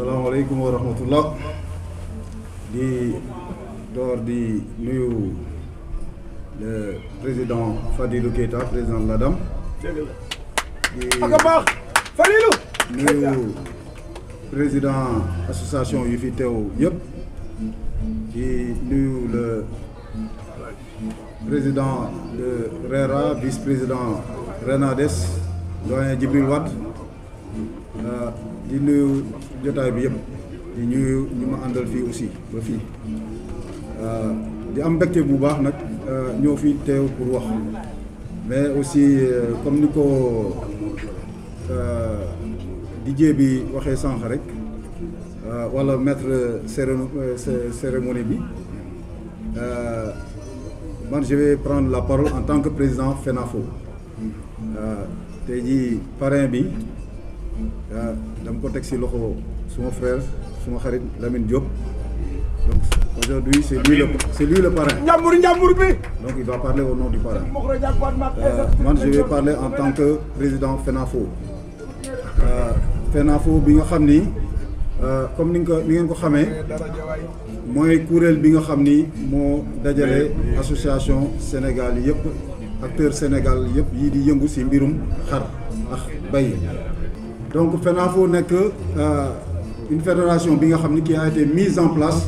aleykoum wa rahmatullah di dor di le président Fadilou Keita président de l'ADAM di Fadilou le président association l'association Yep. Yup. le président de RERA vice-président Renades doyen Djibril Wade euh, di nuyu jotaay bi yëpp ñu ñu ma àndal fii aussi ba fii euh, di am mbégte bu baax nag euh, ñoo fi teew pour wax mais aussi euh, comme ni ko DJ bi waxee sànq rek wala maître cérémonie bi man je vais prendre la parole en tant que président FENAFO tey jii parrain bi dama ko teg si loxo mon frère son xarit Lamine Diop donc aujourd'hui c'est lui le lui le parrain. donc il va parler au nom du parrain. Moi, euh, je vais parler en tant que président FENAFO. Euh, FENAFO bi euh, comme ni le savez, Moi le ko bi nga association Sénégal YEP. acteurs Sénégal YEP, dit di simbirum si mbirum xar bay donc FENAFO que une fédération qui a été mise en place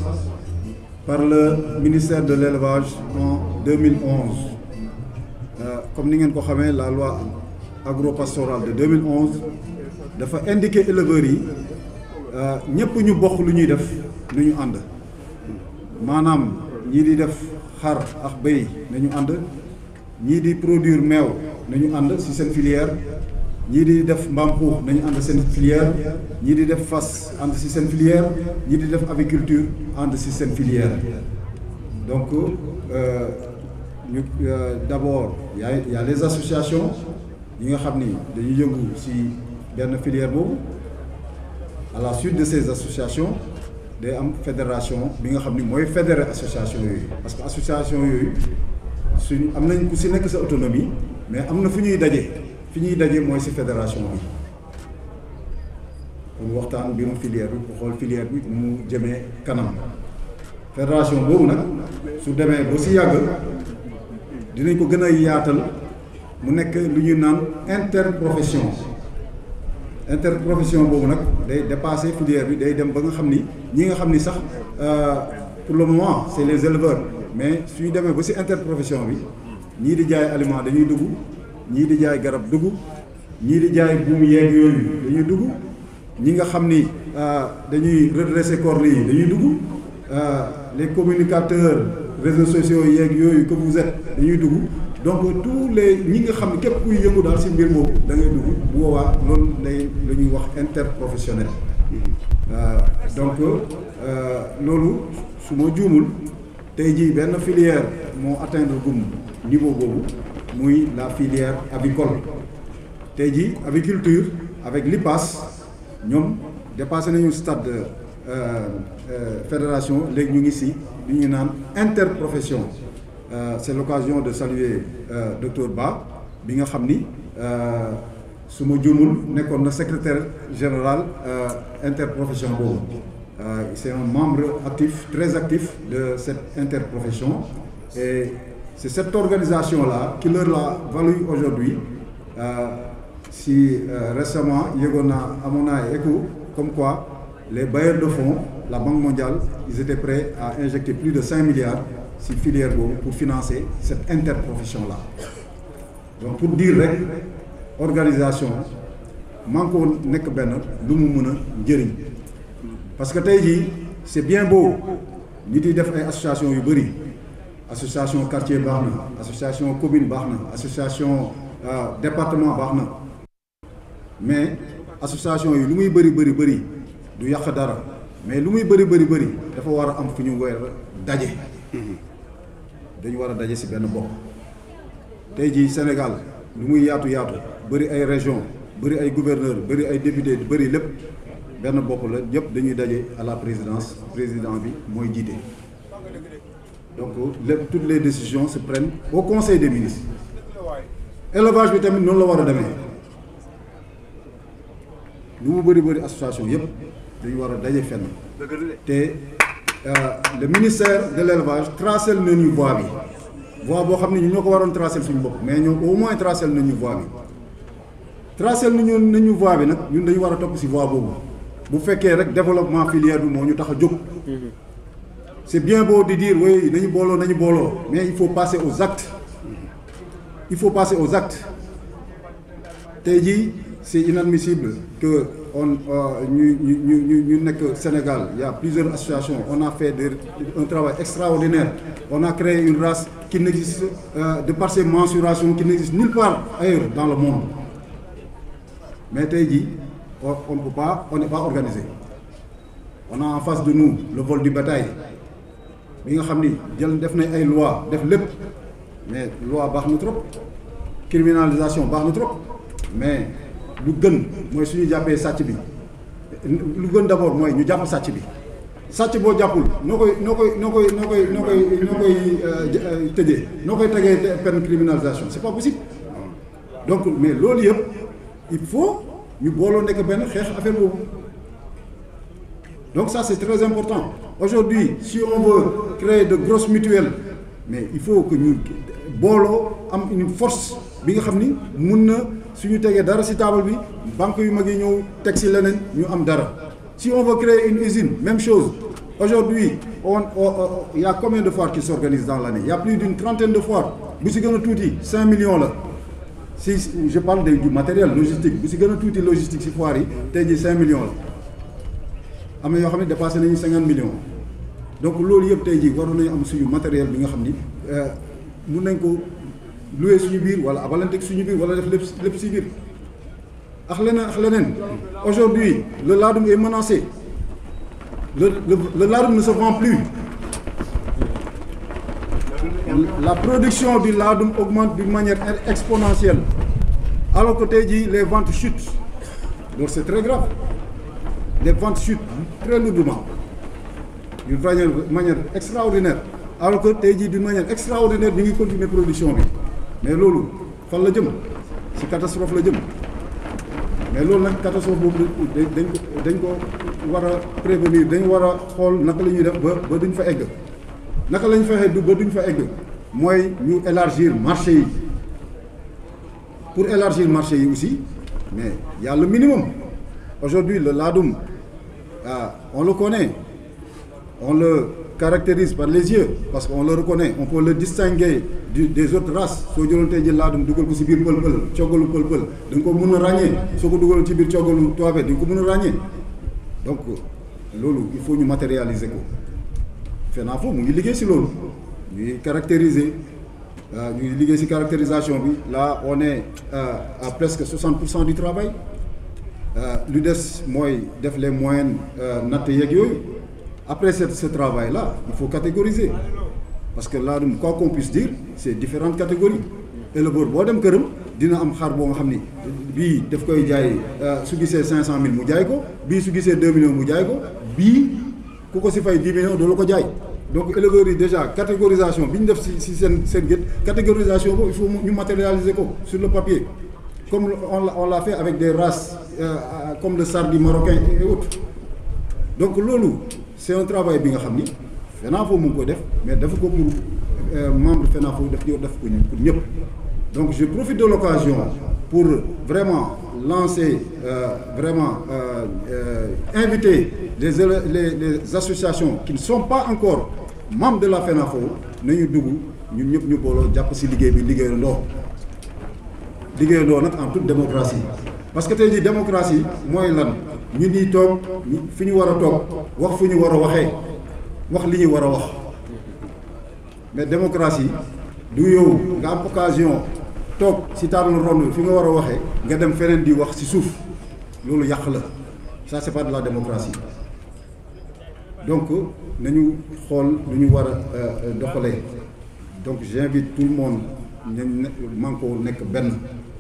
par le ministère de l'élevage en 2011 euh, comme nous le ko la loi agro agro-pastorale de 2011 dafa indiquer éleveurs yi nous euh, ñu bokk lu ñuy def lu ñu la maanaam ñii di def xar ak bëy nañu ànd ñi di produire nañu ci filière ñii di def mbaam nañu ànd seen filière ñii di def fas ànd si seen filière ñii di def aviculture ànd si seen filière donc euh, ñu euh, d' abord y' a les associations yi nga xam ni dañuy yëngu si benn filière boobu à la suite de ces associations day am fédération bi nga xam ni mooy fédéré association yooyu parce que association yooyu suñ am nañ ku si nekk sa autonomie mais am na fu ñuy Fini dajé moy ci fédération bi waxtan bi mbirum filière bi pour xool filière bi mu jëmee kanam fédération bobu nak su démé bo si yàgg dinañ ko gëna a yaatal mu nekk lu ñu naan interprofession interprofession bobu nak day dépasser filière bi day dem ba nga xamni ni ñi nga xamni sax euh pour le moment c'est les éleveurs mais suñu démé bo si interprofession bi ñii di jaay aliment dañuy dugg ñii di jaay garab dugg ñii di jaay buum yeeg yooyu dañuy dugg ñi nga xam ni euh, dañuy redresser corps yi dañuy dugg euh, les communicateurs réseaux sociaux yeeg yooyu que vous êtes dañuy dugg donc tous les ñi nga xam ne képp kuy yëngu daal si mbir moomu da ngay dugg bu boobaa loolu lay la ñuy wax interprofessionnel euh, donc loolu su ma juumul tey jii benn filière moo atteindre gum niveau boobu la filière avicole tey aviculture avec l'IPAS ñoom dépassé nañu stade euh, euh, fédération léegi ñu ngi ñu interprofession euh, c'est l'occasion de saluer docteur Ba bi nga xam ni na secrétaire général interprofession boobu c'est un membre actif très actif de cette interprofession et c'est cette organisation-là qui leur a valu aujourd'hui, euh, si euh, récemment, Yegona, Amona comme quoi les bailleurs de fonds, la Banque mondiale, ils étaient prêts à injecter plus de 5 milliards sur filière pour financer cette interprofession-là. Donc pour dire organisation, manko nek ben parce que c'est bien beau nous avons def association association quartier Barna, association commune Barna, association euh, département Barna. mais association yi lu muy bari bari du yak dara mais lu muy bari bari bëri dafa wara am fu ñu weer dañu wara ci si benn bopp Sénégal lu muy yatu yaatu ay région bari ay gouverneur bari ay député bari lepp benn bopp la ñëpp dañuy daje à la présidence président bi moy jité donc toutes les décisions se prennent au conseil des ministres élevage bi tamit la demain. Nous association euh, le ministère de l'élevage trace nous voie voie au moins tracel voie bi tracel nous voie bi si développement filière du ñu c'est bien beau de dire, oui, nous bolo, du bolo, mais il faut passer aux actes. Il faut passer aux actes. c'est inadmissible que on, nous, nous, nous, que Sénégal, il y a plusieurs associations, on a fait un travail extraordinaire. On a créé une race qui n'existe, euh, de par ses mensurations, qui n'existe nulle part ailleurs dans le monde. Mais pas, on n'est pas, pas organisé. On a en face de nous le vol du bataille, mi nga xam ni def ay loi mais loi trop criminalisation trop mais lu gën suñu bi lu gën d'abord mooy ñu jàpp sàcc bi sàcc boo jàppul noo koy noo koy criminalisation c'est pas possible donc mais loolu il faut ñu nous nekk benn affaire donc ça, c'est très important. Aujourd'hui, si on veut créer de grosses mutuelles, mais il faut que nous une force bi nga banque yu si on veut créer une usine même chose aujourd'hui il y a combien de foires qui s'organisent dans l'année il y a plus d'une trentaine de foires bu ci gëna millions si je parle du matériel logistique bu ci veut a logistique ci foires yi millions am na dépassé nañu 50 millions donc loolu yëpp tay ji waru nañu am suñu matériel bi nga xamni euh mun nañ ko louer suñu biir wala abalante suñu biir wala def lépp lépp ci biir ak leneen ak aujourd'hui le ladum est menacé le le le ne se vend plus la production du ladum augmente d'une manière exponentielle alors que tay ji les ventes chutent donc c'est très grave les ventes chutent très lourdement d'une manière extraordinaire alors que tu dit d'une manière extraordinaire nous continuons la production mais lolo, la jëm ci catastrophe la mais catastrophe dañ prévenir dañ wara xol naka def ba duñ fa egg naka du élargir marché pour élargir marché aussi mais il y a le minimum aujourd'hui le ladum ah, on le connaît. On le caractérise par les yeux, parce qu'on le reconnaît. On peut le distinguer des autres races. Si on tey jii laa dum dugal ko si biir pël-pël coggalu pël a de ci biir coggalu le da donc lolo, il faut nous matérialiser ko FENAFO mu il liggéey lolo, nous ñuy caractériser ah, ñu ngi liggéey caractérisation là on est euh, à presque 60 du travail. Euh, l'UDES des def les euh, après ce travail là il faut catégoriser parce que là quoi qu'on puisse dire c'est différentes catégories et le dem dina am xar koy millions mu jaay ko millions donc déjà catégorisation catégorisation il faut matérialiser sur le papier comme on l'a fait avec des races euh, euh, comme le sardi marocain et autres donc c'est un travail bien FENAFO mais FENAFO donc je profite de l'occasion pour vraiment lancer euh, vraiment inviter les, associations qui ne sont pas encore membres de la FENAFO nous nous liggéeyandoo nak en toute démocratie parce que tay di démocratie moy lan ñu ñuy tok fi ñu war a wax fu wara waxé wax liñu wara wax mais démocratie du yow nga am occasion tok ci table ronde fi nga wara waxé nga dem fenen di wax ci souf lolu yak la ça c'est pas de la démocratie donc nañu xol luñu wara war euh, euh, donc j'invite tout le monde manko nek ben.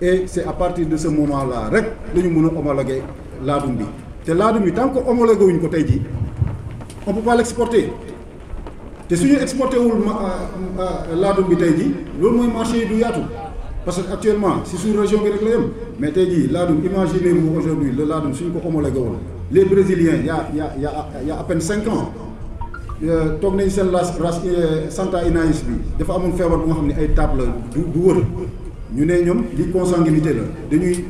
et c'est à partir de ce moment là rek la mëna homologuer l'adum bi té l'adum bi tant que homologué wuñ ko tay on peut pas l'exporter. exporter suñu exporté wul euh, euh, laadum bi tay ji lool moy marché du yatu parce que actuellement si sous région bi rek la yem mais tay ji l'adum imaginez vous aujourd'hui le l'adum suñu ko homologué les brésiliens y' a y' a y' a y' a à peine 5 ans euh, tok nañ sen las Santa Inaïs bi dafa amone fièvre bu nga xamni ay table du du wër. Nous sommes des li consanguinité la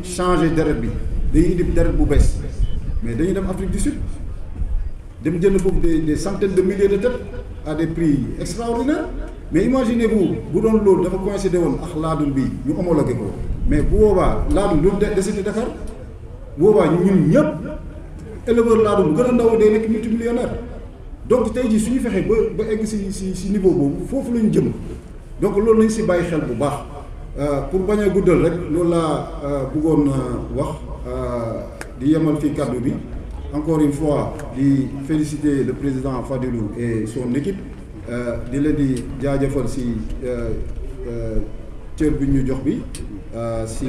changer nous bi dañuy indi mais Afrique du Sud Nous avons des centaines de milliers de têtes à des prix extraordinaires mais imaginez-vous bu vous des dafa vous bi mais vous vous des vous de ñun éleveur multimillionnaire donc tay niveau bobu la jëm donc ci baye xel bu euh, pour bañ a guddal rek loolu laa euh, bëggoon euh, wax encore une fois féliciter le président Fadilou et son équipe di la di jaajëfal si bi ñu jox bi si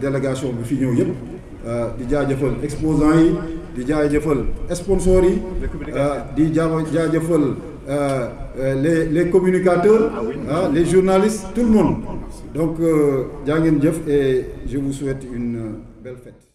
délégation bi fi ñëw yëpp di exposants yi les communicateurs ah, les journalistes, tout le monde. Donc, euh, et je vous souhaite une euh, belle fête.